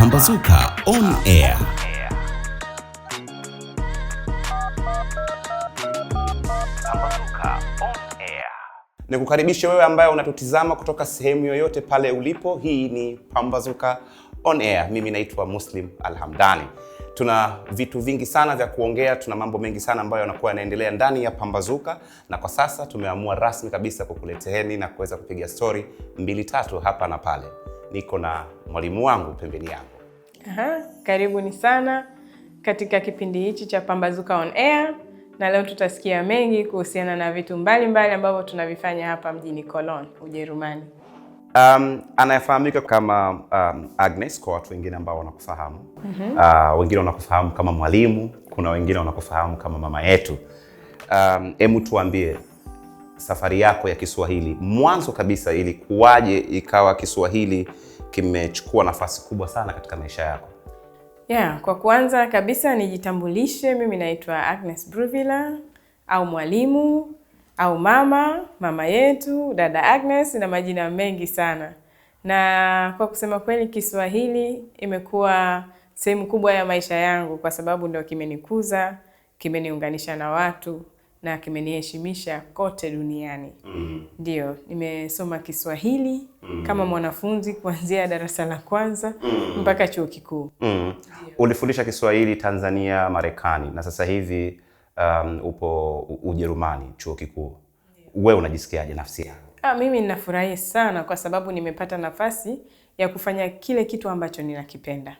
Pambazuka on air. Nikukaribishe wewe ambaye unatutizama kutoka sehemu yoyote pale ulipo. Hii ni Pambazuka on air. Mimi naitwa Muslim Alhamdani. Tuna vitu vingi sana vya kuongea, tuna mambo mengi sana ambayo yanakuwa yanaendelea ndani ya Pambazuka, na kwa sasa tumeamua rasmi kabisa kukuleteheni na kuweza kupiga stori mbili tatu hapa na pale niko na mwalimu wangu pembeni yangu. Aha, karibuni sana katika kipindi hichi cha Pambazuka on Air, na leo tutasikia mengi kuhusiana na vitu mbalimbali ambavyo tunavifanya hapa mjini Cologne, Ujerumani. Um, anayefahamika kama um, Agnes kwa watu wengine ambao wanakufahamu. mm -hmm. Uh, wengine wanakufahamu kama mwalimu, kuna wengine wanakufahamu kama mama yetu. Um, emu tuambie safari yako ya Kiswahili mwanzo kabisa, ilikuwaje ikawa Kiswahili kimechukua nafasi kubwa sana katika maisha yako? Yeah, kwa kwanza kabisa nijitambulishe, mimi naitwa Agnes Bruvilla au mwalimu au mama, mama yetu, dada Agnes na majina mengi sana. Na kwa kusema kweli, Kiswahili imekuwa sehemu kubwa ya maisha yangu kwa sababu ndio kimenikuza, kimeniunganisha na watu na kimeniheshimisha kote duniani. Mm. Mm-hmm. Ndio, nimesoma Kiswahili mm. kama mwanafunzi kuanzia darasa la kwanza mm. mpaka chuo kikuu. Mm. Ulifundisha Kiswahili Tanzania, Marekani na sasa hivi um, upo Ujerumani chuo kikuu. Wewe unajisikiaje nafsi yako? Ah, mimi ninafurahi sana kwa sababu nimepata nafasi ya kufanya kile kitu ambacho ninakipenda.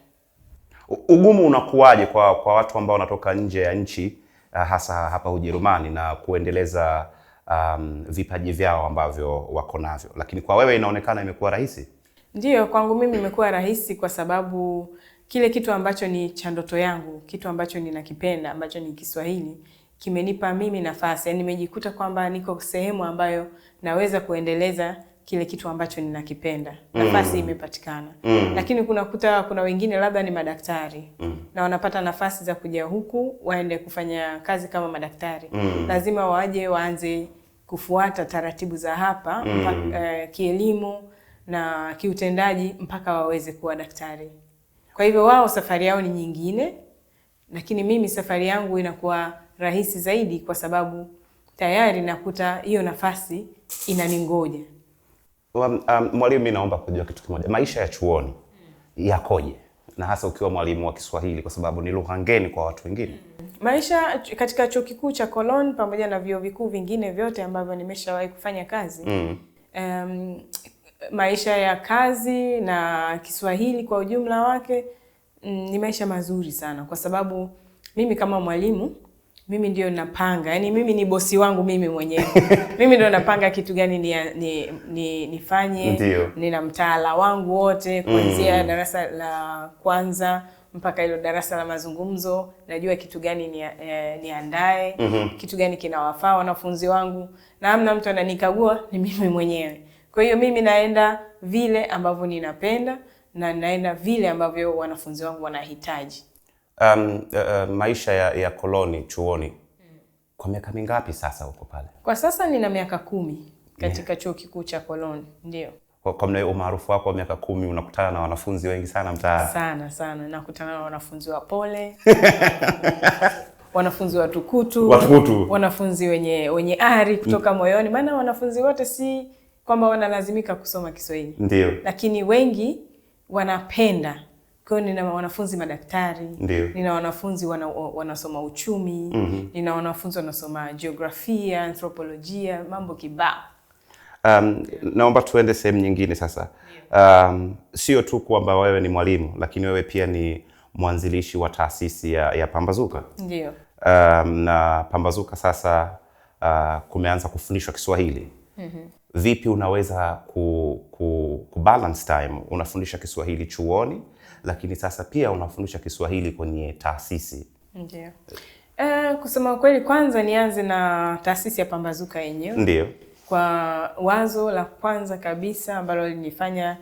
Ugumu unakuwaje kwa kwa watu ambao wanatoka nje ya nchi Eh, hasa hapa Ujerumani na kuendeleza um, vipaji vyao ambavyo wako navyo. Lakini kwa wewe inaonekana imekuwa rahisi? Ndiyo, kwangu mimi imekuwa rahisi kwa sababu kile kitu ambacho ni cha ndoto yangu, kitu ambacho ninakipenda, ambacho ni Kiswahili kimenipa mimi nafasi, yani nimejikuta kwamba niko sehemu ambayo naweza kuendeleza kile kitu ambacho ninakipenda mm. nafasi imepatikana mm. Lakini kunakuta kuna wengine labda ni madaktari mm. na wanapata nafasi za kuja huku waende kufanya kazi kama madaktari mm. lazima waje waanze kufuata taratibu za hapa mm. mpa, eh, kielimu na kiutendaji mpaka waweze kuwa daktari. Kwa hivyo wao safari yao ni nyingine, lakini mimi safari yangu inakuwa rahisi zaidi kwa sababu tayari nakuta hiyo nafasi inaningoja um, um, mwalimu, mi naomba kujua kitu kimoja, maisha ya chuoni yakoje, na hasa ukiwa mwalimu wa Kiswahili kwa sababu ni lugha ngeni kwa watu wengine? Maisha katika chuo kikuu cha Cologne pamoja na vyuo vikuu vingine vyote ambavyo nimeshawahi kufanya kazi mm. um, maisha ya kazi na Kiswahili kwa ujumla wake mm, ni maisha mazuri sana, kwa sababu mimi kama mwalimu mimi ndio napanga, yaani mimi ni bosi wangu mimi mwenyewe mimi ndio napanga kitu gani ni, ni, ni nifanye. Nina mtaala wangu wote mm. kuanzia mm. darasa la kwanza mpaka hilo darasa la mazungumzo, najua kitu gani ni, eh, niandae mm -hmm. kitu gani kinawafaa wanafunzi wangu, na amna mtu ananikagua, ni mimi mwenyewe. Kwa hiyo mimi naenda vile ambavyo ninapenda na naenda vile ambavyo wanafunzi wangu wanahitaji um, uh, uh, maisha ya, ya koloni chuoni kwa miaka mingapi sasa huko pale? Kwa sasa nina miaka kumi katika yeah. chuo kikuu cha Koloni ndio. Kwa, kwa mna umaarufu wako wa miaka kumi unakutana na wanafunzi wengi sana mtaa? Sana sana, nakutana na wanafunzi wa pole wanafunzi watukutu, watukutu, wanafunzi wenye wenye ari kutoka mm. moyoni, maana wanafunzi wote si kwamba wanalazimika kusoma Kiswahili ndio, lakini wengi wanapenda kwa hiyo nina wanafunzi madaktari, nina wanafunzi wana, wanasoma uchumi mm -hmm. nina wanafunzi wanasoma jiografia, anthropolojia, mambo kibao. Um, naomba tuende sehemu nyingine sasa. Um, sio tu kwamba wewe ni mwalimu lakini wewe pia ni mwanzilishi wa taasisi ya, ya Pambazuka. Ndio. Um, na Pambazuka sasa uh, kumeanza kufundishwa Kiswahili mm -hmm. Vipi unaweza ku, ku, ku balance time, unafundisha Kiswahili chuoni lakini sasa pia unafundisha Kiswahili kwenye taasisi. Ndio. Uh, kusema kweli, kwanza nianze na taasisi ya Pambazuka yenyewe. Ndio. Kwa wazo la kwanza kabisa ambalo linifanya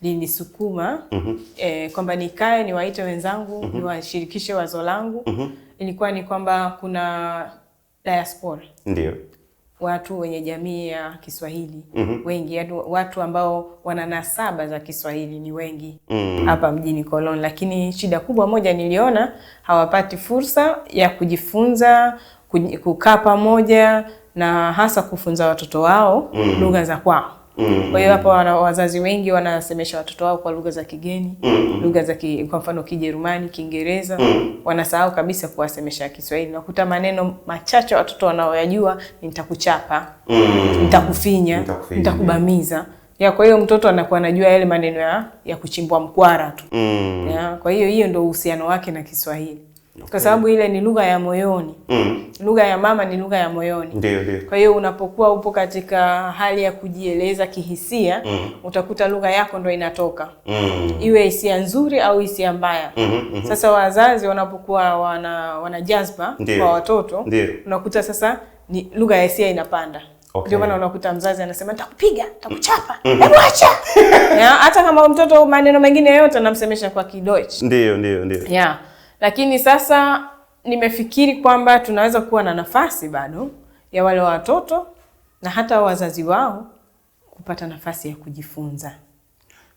linisukuma mm -hmm. eh, kwamba nikae niwaite wenzangu mm -hmm. niwashirikishe wazo langu mm -hmm. ilikuwa ni kwamba kuna diaspora. Ndio watu wenye jamii ya Kiswahili mm -hmm. wengi yaani watu ambao wana nasaba za Kiswahili ni wengi mm. hapa mm -hmm. mjini Kolon, lakini shida kubwa moja niliona hawapati fursa ya kujifunza kukaa pamoja na hasa kufunza watoto wao mm -hmm. lugha za kwao. Mm. Kwa hiyo hapa wazazi wengi wanasemesha watoto wao kwa lugha za kigeni, mm. lugha za ki, kwa mfano Kijerumani, Kiingereza, mm. wanasahau kabisa kuwasemesha Kiswahili. Nakuta maneno machache watoto wanaoyajua nitakuchapa, mm. nitakufinya, nitakubamiza. Ya, kwa hiyo mtoto anakuwa anajua yale maneno ya, ya kuchimbwa mkwara tu. Mm. Ya, kwa hiyo hiyo ndio uhusiano wake na Kiswahili. Kwa sababu ile ni lugha ya moyoni. Mm. Lugha ya mama ni lugha ya moyoni. Ndio, ndio. Kwa hiyo unapokuwa upo katika hali ya kujieleza kihisia, mm. utakuta lugha yako ndo inatoka. Mm. Iwe hisia nzuri au hisia mbaya. Mm -hmm, Sasa wazazi wanapokuwa wana wana jazba kwa watoto, ndio. Unakuta sasa ni lugha ya hisia inapanda. Okay. Ndio maana unakuta mzazi anasema nitakupiga, nitakuchapa. Mm-hmm. Hebu acha. acha. hata kama mtoto maneno mengine yote anamsemesha kwa Kidoich. Ndio, ndio, ndio. Yeah. Lakini sasa nimefikiri kwamba tunaweza kuwa na nafasi bado ya wale watoto na hata wazazi wao kupata nafasi ya kujifunza.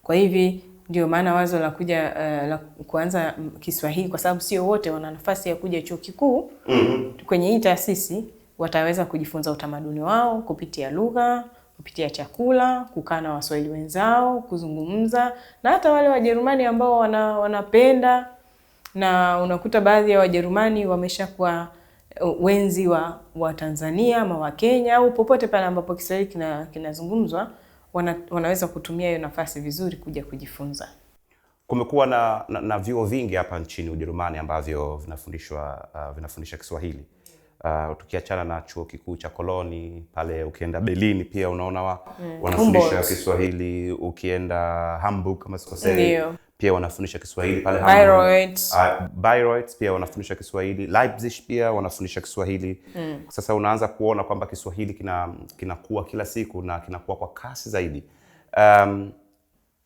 Kwa hivi ndio maana wazo la kuja uh, la kuanza Kiswahili kwa sababu sio wote wana nafasi ya kuja chuo kikuu. mm -hmm. Kwenye hii taasisi wataweza kujifunza utamaduni wao kupitia lugha, kupitia chakula, kukaa na Waswahili wenzao, kuzungumza na hata wale Wajerumani ambao wana, wanapenda na unakuta baadhi ya Wajerumani wameshakuwa uh, wenzi wa Watanzania ama Wakenya au popote pale ambapo Kiswahili kina kinazungumzwa wana, wanaweza kutumia hiyo nafasi vizuri kuja kujifunza. Kumekuwa na, na, na vyuo vingi hapa nchini Ujerumani ambavyo vinafundishwa uh, vinafundisha Kiswahili uh, tukiachana na chuo kikuu cha Koloni pale, ukienda Berlin pia unaona wa, mm, wanafundisha Kiswahili, ukienda Hamburg kama sikosei pia wanafundisha Kiswahili pale Bayreuth. Ah, Bayreuth pia wanafundisha Kiswahili, Leipzig pia wanafundisha Kiswahili mm. Sasa unaanza kuona kwamba Kiswahili kina kinakuwa kila siku na kinakuwa kwa kasi zaidi. Um,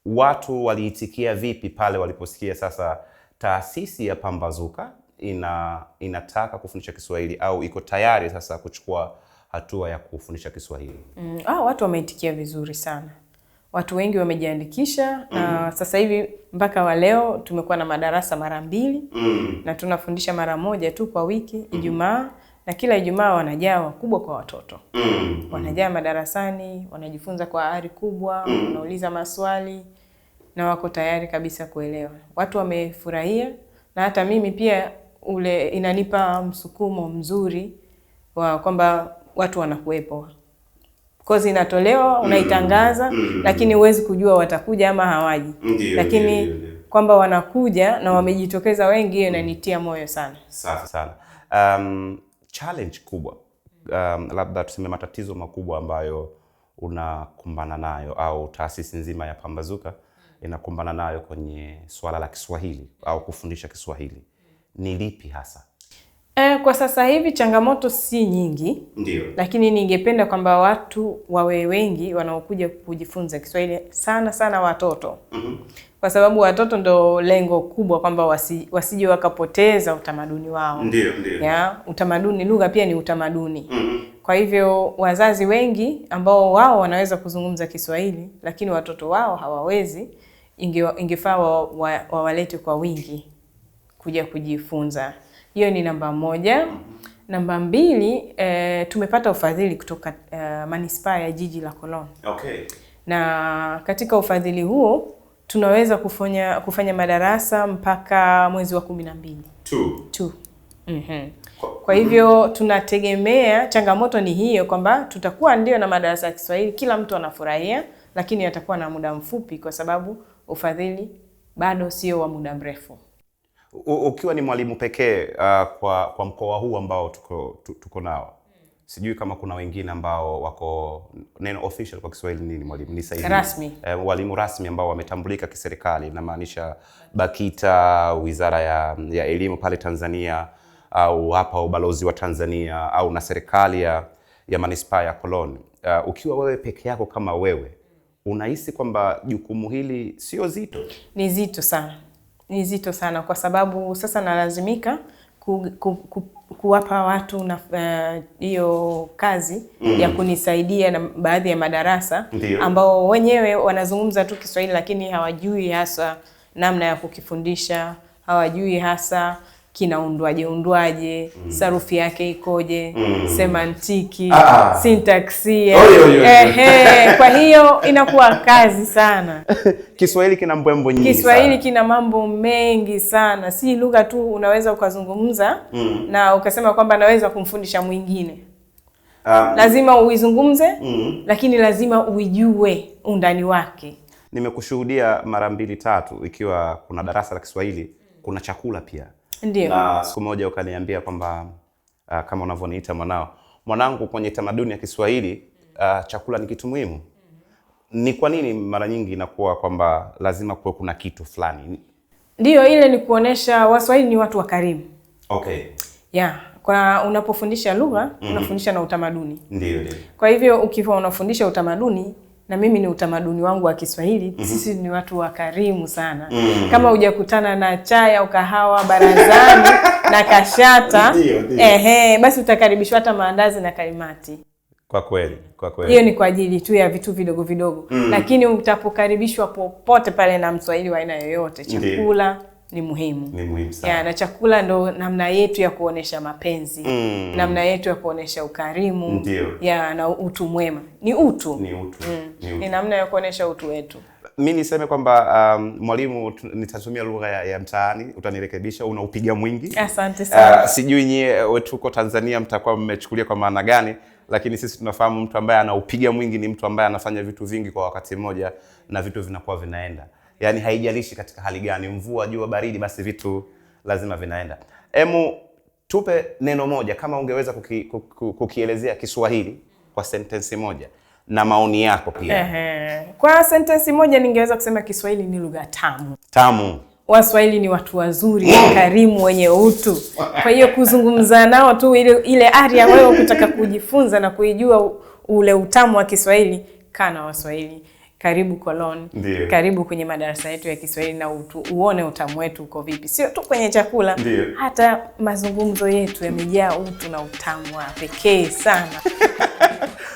watu waliitikia vipi pale waliposikia sasa taasisi ya Pambazuka ina inataka kufundisha Kiswahili au iko tayari sasa kuchukua hatua ya kufundisha Kiswahili? Mm. Ah, watu wameitikia vizuri sana watu wengi wamejiandikisha mm. na mm-hmm. sasa hivi mpaka wa leo tumekuwa na madarasa mara mbili mm. na tunafundisha mara moja tu kwa wiki mm. Ijumaa na kila Ijumaa wanajaa wakubwa kwa watoto mm. wanajaa madarasani, wanajifunza kwa ari kubwa mm. wanauliza maswali na wako tayari kabisa kuelewa. Watu wamefurahia na hata mimi pia ule inanipa msukumo mzuri wa kwamba watu wanakuwepo kozi inatolewa mm-hmm. unaitangaza, mm-hmm. lakini huwezi kujua watakuja ama hawaji. -hmm. lakini mm -hmm. Kwamba wanakuja na wamejitokeza wengi, hiyo inanitia moyo sana. Safi sana. Um, challenge kubwa um, labda tuseme matatizo makubwa ambayo unakumbana nayo au taasisi nzima ya Pambazuka inakumbana nayo kwenye swala la Kiswahili au kufundisha Kiswahili ni lipi hasa? E, kwa sasa hivi changamoto si nyingi. Ndiyo. Lakini ningependa kwamba watu wawe wengi wanaokuja kujifunza Kiswahili sana sana watoto. mm -hmm. Kwa sababu watoto ndo lengo kubwa kwamba wasi, wasije wakapoteza utamaduni wao. Ndiyo, ndiyo. Ya, utamaduni lugha pia ni utamaduni. mm -hmm. Kwa hivyo wazazi wengi ambao wao wanaweza kuzungumza Kiswahili lakini watoto wao hawawezi, ingefaa wawalete wa, wa kwa wingi kuja kujifunza. Hiyo ni namba moja. Namba mbili, e, tumepata ufadhili kutoka e, manispaa ya jiji la Cologne. Okay. Na katika ufadhili huo tunaweza kufanya kufanya madarasa mpaka mwezi wa kumi na mbili Mm-hmm. Kwa hivyo tunategemea, changamoto ni hiyo kwamba tutakuwa ndio na madarasa ya Kiswahili, kila mtu anafurahia, lakini yatakuwa na muda mfupi, kwa sababu ufadhili bado sio wa muda mrefu. U, ukiwa ni mwalimu pekee uh, kwa, kwa mkoa huu ambao tuko, tuko nao sijui kama kuna wengine ambao wako neno official kwa Kiswahili nini mwalimu nisaidie, rasmi eh, walimu rasmi ambao wametambulika kiserikali, namaanisha BAKITA, Wizara ya, ya Elimu pale Tanzania au hapa ubalozi wa Tanzania au na serikali ya, ya manispaa ya Cologne. Uh, ukiwa wewe peke yako kama wewe unahisi kwamba jukumu hili sio zito? Ni zito sana ni zito sana, kwa sababu sasa nalazimika ku, ku, ku, kuwapa watu na eh, hiyo uh, kazi mm. ya kunisaidia na baadhi ya madarasa Ndiyo. ambao wenyewe wanazungumza tu Kiswahili lakini hawajui hasa namna ya kukifundisha, hawajui hasa kinaundwaje undwaje, mm. sarufi yake ikoje, mm. semantiki, ah. ah. sintaksia. Ehe, kwa hiyo inakuwa kazi sana. Kiswahili kina mbwembo nyingi. Kiswahili kina mambo mengi sana, si lugha tu unaweza ukazungumza mm. na ukasema kwamba naweza kumfundisha mwingine ah. lazima uizungumze mm. lakini lazima uijue undani wake. Nimekushuhudia mara mbili tatu, ikiwa kuna darasa la Kiswahili, kuna chakula pia Ndiyo. Na siku moja ukaniambia kwamba uh, kama unavyoniita mwanao, mwanangu, kwenye tamaduni ya Kiswahili uh, chakula ni kitu muhimu. Ni kwa nini mara nyingi inakuwa kwamba lazima kuwe kuna kitu fulani? Ndiyo, ile ni kuonesha Waswahili ni watu wa karibu. Okay. Yeah. Kwa unapofundisha lugha mm -hmm. unafundisha na utamaduni. Ndiyo, ndiyo. Kwa hivyo ukiwa unafundisha utamaduni na mimi ni utamaduni wangu wa Kiswahili mm -hmm. Sisi ni watu wakarimu sana mm -hmm. Kama hujakutana na chai au kahawa barazani na kashata Ehe, basi utakaribishwa hata maandazi na kaimati. Kwa kweli, kwa kweli hiyo ni kwa ajili tu ya vitu vidogo vidogo mm -hmm. Lakini utapokaribishwa popote pale na mswahili wa aina yoyote, chakula dio ni muhimu, ni muhimu sana ya, na chakula ndo namna yetu ya kuonesha mapenzi mm. namna yetu ya kuonesha ukarimu ndio. ya na utu mwema ni utu, ni, utu. Mm. ni, utu. ni namna ya kuonesha utu wetu. Mi niseme kwamba um, mwalimu, nitatumia lugha ya, ya mtaani, utanirekebisha. Unaupiga mwingi. Asante uh, sana. Uh, sijui nyie wetu uh, huko Tanzania mtakuwa mmechukulia kwa maana gani, lakini sisi tunafahamu mtu ambaye anaupiga mwingi ni mtu ambaye anafanya vitu vingi kwa wakati mmoja na vitu vinakuwa vinaenda yani haijalishi katika hali gani, mvua, jua, baridi, basi vitu lazima vinaenda. Emu, tupe neno moja kama ungeweza kuki, kuki, kukielezea Kiswahili kwa sentensi moja na maoni yako pia. Ehe. Kwa sentensi moja ningeweza kusema Kiswahili ni lugha tamu tamu. Waswahili ni watu wazuri, wakarimu, wenye utu. Kwa hiyo kuzungumza nao tu ile, ile ari ya wewe kutaka kujifunza na kuijua ule utamu wa Kiswahili, kana Waswahili karibu koloni, Karibu kwenye madarasa yetu ya Kiswahili na utu, uone utamu wetu uko vipi, sio tu kwenye chakula Ndiye. Hata mazungumzo yetu yamejaa utu na utamu wa pekee sana.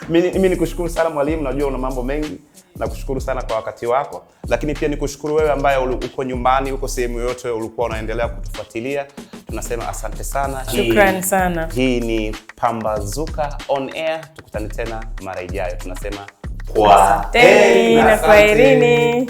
Mimi nikushukuru sana mwalimu, najua una mambo mengi nakushukuru sana kwa wakati wako, lakini pia nikushukuru wewe ambaye uko nyumbani, uko sehemu yoyote, ulikuwa unaendelea kutufuatilia. Tunasema asante sana, shukrani sana. Hii ni Pambazuka on air, tukutane tena mara ijayo. Tunasema Kwaherini na kwaherini.